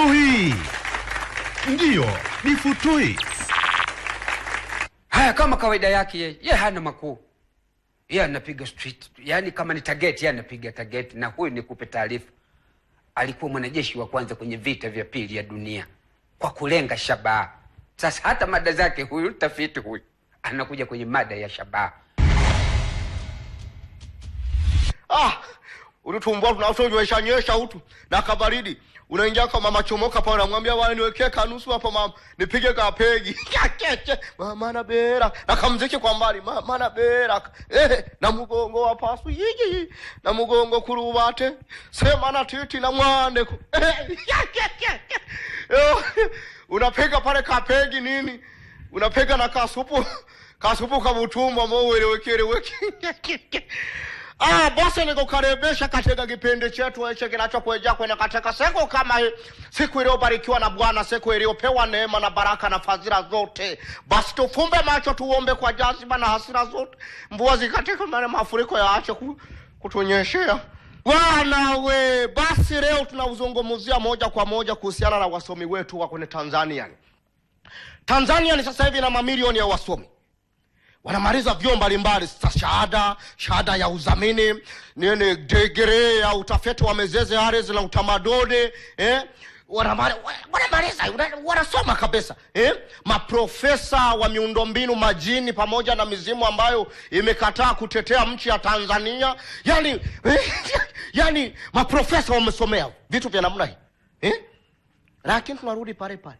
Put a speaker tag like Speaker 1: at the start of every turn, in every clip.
Speaker 1: futui. Ndiyo, ni futui.
Speaker 2: Haya, kama kawaida yake yeye, yeye hana makuu, ye anapiga street, yaani kama ni target, yeye anapiga target. Na huyu ni kupe taarifa, alikuwa mwanajeshi wa kwanza kwenye vita vya pili ya dunia kwa kulenga shabaha. Sasa hata mada zake huyu tafiti huyu anakuja kwenye mada ya shabaha.
Speaker 3: Ah, unitumbua tunasonyesha nyesha utu na kabaridi unaingia kwa mama chomoka pa unamwambia wewe, niwekee kanusu hapo mama, nipige kapegi mama na bera na kamziki kwa mbali mama na bera eh, na mugongo wa pasu yiji na mugongo kurubate sema na titi na mwande eh, unapiga pale kapegi nini, unapiga na kasupu kasupu kabutumba mo wele wekere Ah, basi nikukaribisha katika kipindi chetu hichi kinachokuja kwenye katika siku kama hii, siku iliyobarikiwa na Bwana, siku iliyopewa neema na baraka na fadhila zote. Basi tufumbe macho, tuombe kwa jazima na hasira zote, mvua zikatika, maana mafuriko yaache kutunyeshea.
Speaker 4: Bwana we, basi leo tunauzungumzia moja kwa moja kuhusiana na wasomi wetu wa kwenye Tanzania. Tanzania ni sasa hivi na mamilioni ya wasomi wanamaliza vyuo mbalimbali, shahada shahada ya uzamini nini, degree ya utafiti wa mezeze ardhi na utamaduni eh? wanamaliza wanasoma kabisa eh? Maprofesa wa miundombinu majini pamoja na mizimu ambayo imekataa kutetea mchi ya Tanzania, yani eh, yani maprofesa wamesomea vitu vya namna hii eh? Lakini tunarudi pale pale.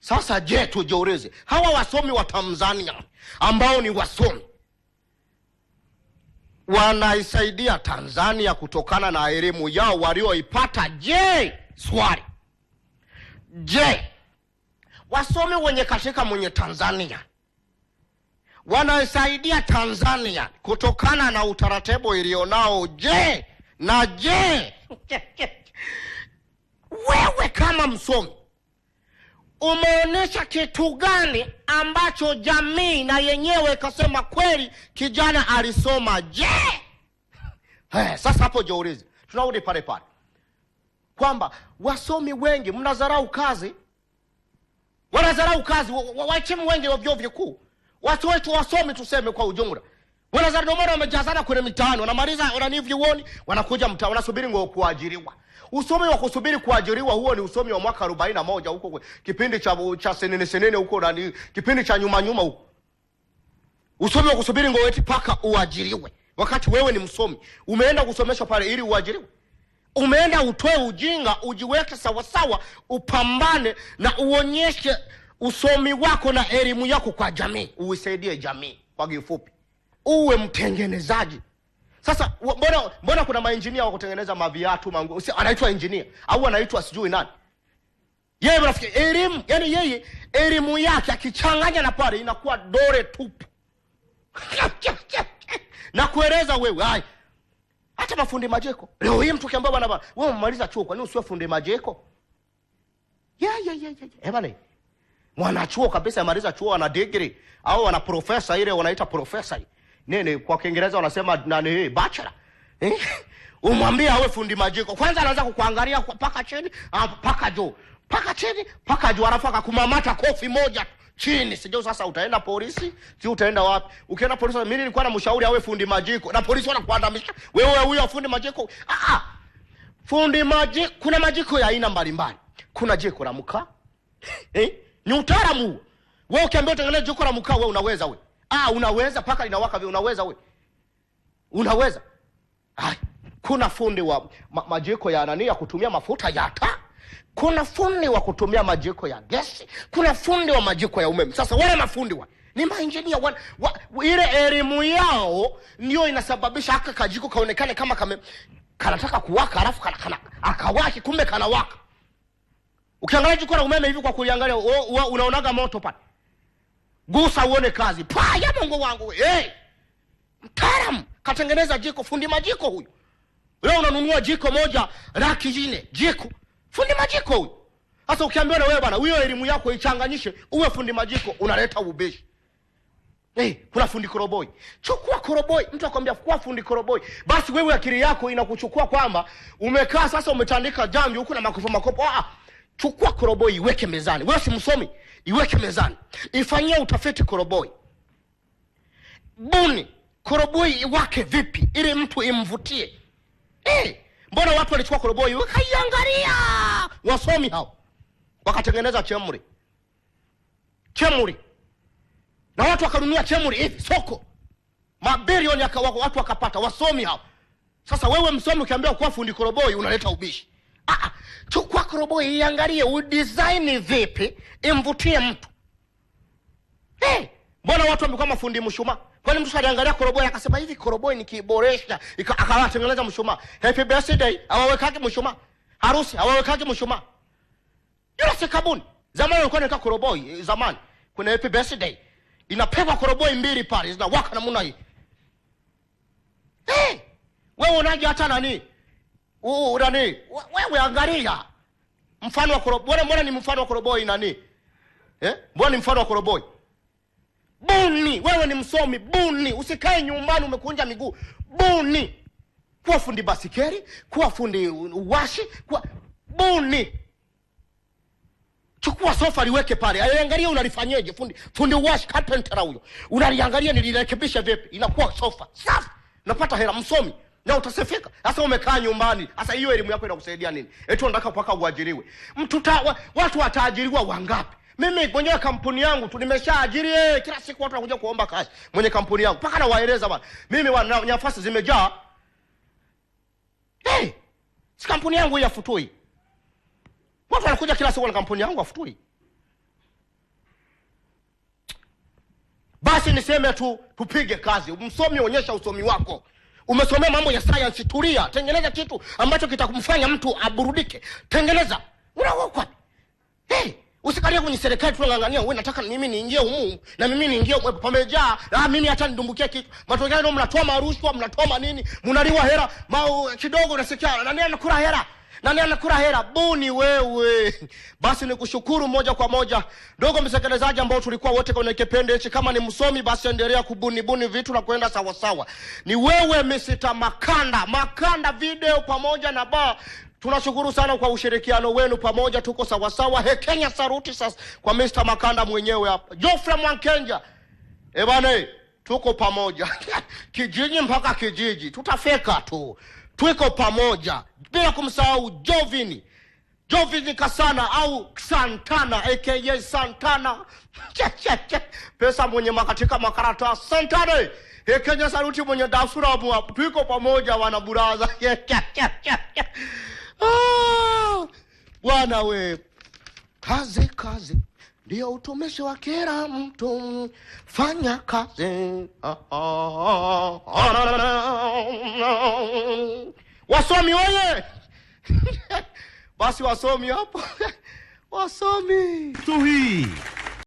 Speaker 4: Sasa je, tujiulize hawa wasomi wa Tanzania ambao ni wasomi wanaisaidia Tanzania kutokana na elimu yao walioipata. Je, swali, je, wasomi wenye katika mwenye Tanzania wanaisaidia Tanzania kutokana na utaratibu ilionao? Je, na je, wewe kama msomi umeonyesha kitu gani ambacho jamii na yenyewe ikasema kweli kijana alisoma? Je, hey, sasa hapo jaurizi tunarudi pale pale kwamba wasomi wengi mnadharau kazi, wanadharau kazi, wahitimu wengi wa vyo vikuu, watu wetu wasomi tuseme kwa ujumla Wanazarinoma wamejazana kwenye mitaani, wanamaliza wanani vyuoni, wanakuja mta wanasubiri ngo kuajiriwa. Usomi wa kusubiri kuajiriwa huo ni usomi wa mwaka arobaini na moja huko kipindi cha cha senene senene huko nani, kipindi cha nyuma nyuma huko. Usomi wa kusubiri ngo eti paka uajiriwe, wakati wewe ni msomi, umeenda kusomeshwa pale ili uajiriwe. Umeenda utoe ujinga, ujiweke sawasawa sawa, upambane na uonyeshe usomi wako na elimu yako kwa jamii, uisaidie jamii kwa kifupi uwe mtengenezaji. Sasa mbona mbona kuna mainjinia wa kutengeneza maviatu manguo, anaitwa injinia au anaitwa sijui nani? Yeye rafiki, elimu yani yeye elimu yake akichanganya na pale inakuwa dore tupu na kueleza wewe hai hata mafundi majeko leo hii mtu kiambia bwana bwana, wewe umemaliza chuo, kwa nini usiwe fundi majeko? ya ya ya, ya. Eh mwana chuo kabisa amaliza chuo, ana degree au ana profesa, ile wanaita profesa nini kwa Kiingereza wanasema nani hii bachelor eh? Umwambie awe fundi majiko kwanza, anaanza kukuangalia mpaka ah, chini paka juu mpaka chini mpaka juu, alafu akakumamata kofi moja chini, sijui sasa utaenda polisi, si utaenda wapi? Ukienda polisi, mimi nilikuwa na mshauri awe fundi majiko, na polisi wanakuandamisha wewe, huyo fundi majiko. Ah ah, fundi majiko, kuna majiko ya aina mbalimbali. Kuna jiko la mkaa eh, ni utaalamu wewe. Ukiambiwa tengeneza jiko la mkaa, wewe unaweza wewe Ah, unaweza paka linawaka vile unaweza we. Unaweza. Ai, kuna fundi wa ma, majiko ya nani ya kutumia mafuta ya taa. Kuna fundi wa kutumia majiko ya gesi. Kuna fundi wa majiko ya umeme. Sasa wale mafundi wa ni maengineer wa, wa, wa, ile elimu yao ndio inasababisha haka kajiko kaonekane kama kame kanataka kuwaka alafu kana, kana akawaki kumbe kanawaka. Ukiangalia jiko la umeme hivi kwa kuliangalia unaonaga moto pale gusa uone kazi. Pa ya Mungu wangu, we hey! mtaram katengeneza jiko, fundi majiko huyu. Leo unanunua jiko moja laki nne, jiko fundi majiko huyu. Sasa ukiambiwa na wewe bwana, huyo elimu yako ichanganyishe uwe fundi majiko, unaleta ubeshi. Hey, kuna fundi koroboi. Chukua koroboi. Mtu akwambia kuwa fundi koroboi. Basi wewe akili yako inakuchukua kwamba umekaa sasa umetandika jambi huku na makopo makopo. Ah, Chukua koroboi iweke mezani. Wewe si msomi, iweke mezani, ifanyie utafiti koroboi, buni koroboi iwake vipi ili mtu imvutie. Hey, eh, mbona watu walichukua koroboi wakaiangalia, wasomi hao wakatengeneza chemri, chemri na watu wakanunua chemri hivi soko, mabilioni watu wakapata, wasomi hao. Sasa wewe msomi ukiambia kuwa fundi koroboi unaleta ubishi. Ah, ah, robo iangalie, udisaini vipi imvutie mtu. Hey, mbona watu wamekuwa mafundi mshuma Kwani mtu aliangalia koroboi akasema hivi koroboi nikiiboresha, akawatengeneza mshuma Happy birthday awawekake mshuma harusi awawekake mshuma Yule si kabuni. Zamani walikuwa wanaweka koroboi, eh, zamani kuna happy birthday inapewa koroboi mbili pale zinawaka namna hii. Hey, wewe unaje hata nani? Nani wewe angalia mfano wa koroboi. Mbona mbona ni mfano wa koroboi nani? Eh? Mbona ni mfano wa koroboi? Buni, wewe ni msomi, buni. Usikae nyumbani umekunja miguu. Buni. Kuwa fundi basikeri, kuwa fundi uwashi, kuwa buni. Chukua sofa liweke pale. Aliangalia unalifanyaje fundi fundi uwashi carpenter huyo. Unaliangalia nilirekebisha vipi? Inakuwa sofa. Safi. Napata hela msomi na utasifika. Sasa umekaa nyumbani, sasa hiyo elimu yako inakusaidia nini? Eti unataka kwaka uajiriwe? Mtu wa, watu wataajiriwa wangapi? Mimi mwenyewe kampuni yangu tu nimeshaajiri eh, kila siku watu wanakuja kuomba kazi. Mwenye kampuni yangu mpaka nawaeleza bana mimi wana nafasi zimejaa. Hey, si kampuni yangu hii afutui. Watu wanakuja kila siku na kampuni yangu afutui. Basi niseme tu, tupige kazi. Msomi, onyesha usomi wako umesomea mambo ya sayansi tulia, tengeneza kitu ambacho kitakumfanya mtu aburudike. Tengeneza unaokwa hey, usikalia kwenye serikali tunang'ang'ania, wewe nataka mimi niingie humu na mimi niingie humu, pamejaa ah, mimi hata nidumbukie kitu. Matokeo ndio mnatoa marushwa, mnatoa manini, mnaliwa hera mao kidogo, nasikia nani anakula hera nani anakula hela? Buni wewe. Basi nikushukuru moja kwa moja, ndugu msekelezaji, ambao tulikuwa wote kwenye kipindi hichi. Kama ni msomi, basi endelea kubuni buni vitu na kwenda sawa sawa. Ni wewe Mr. Makanda, Makanda video pamoja na ba Tunashukuru sana kwa ushirikiano wenu, pamoja tuko sawasawa. Hekenya saruti sasa kwa Mr. Makanda mwenyewe hapa, Geoffrey Mwankenja. Eh tuko pamoja kijiji mpaka kijiji, tutafeka tu. Tuko pamoja bila kumsahau Jovini Jovini Kasana au Santana aka Santana pesa mwenye makatika makarata Santane Kenya saruti mwenye dasura mwa tuko pamoja buraza ah! bwana we kazi kazi ndio utumishi wa kila mtu, fanya kazi. Wasomi wenye Basi wasomi hapo wasomi tu hii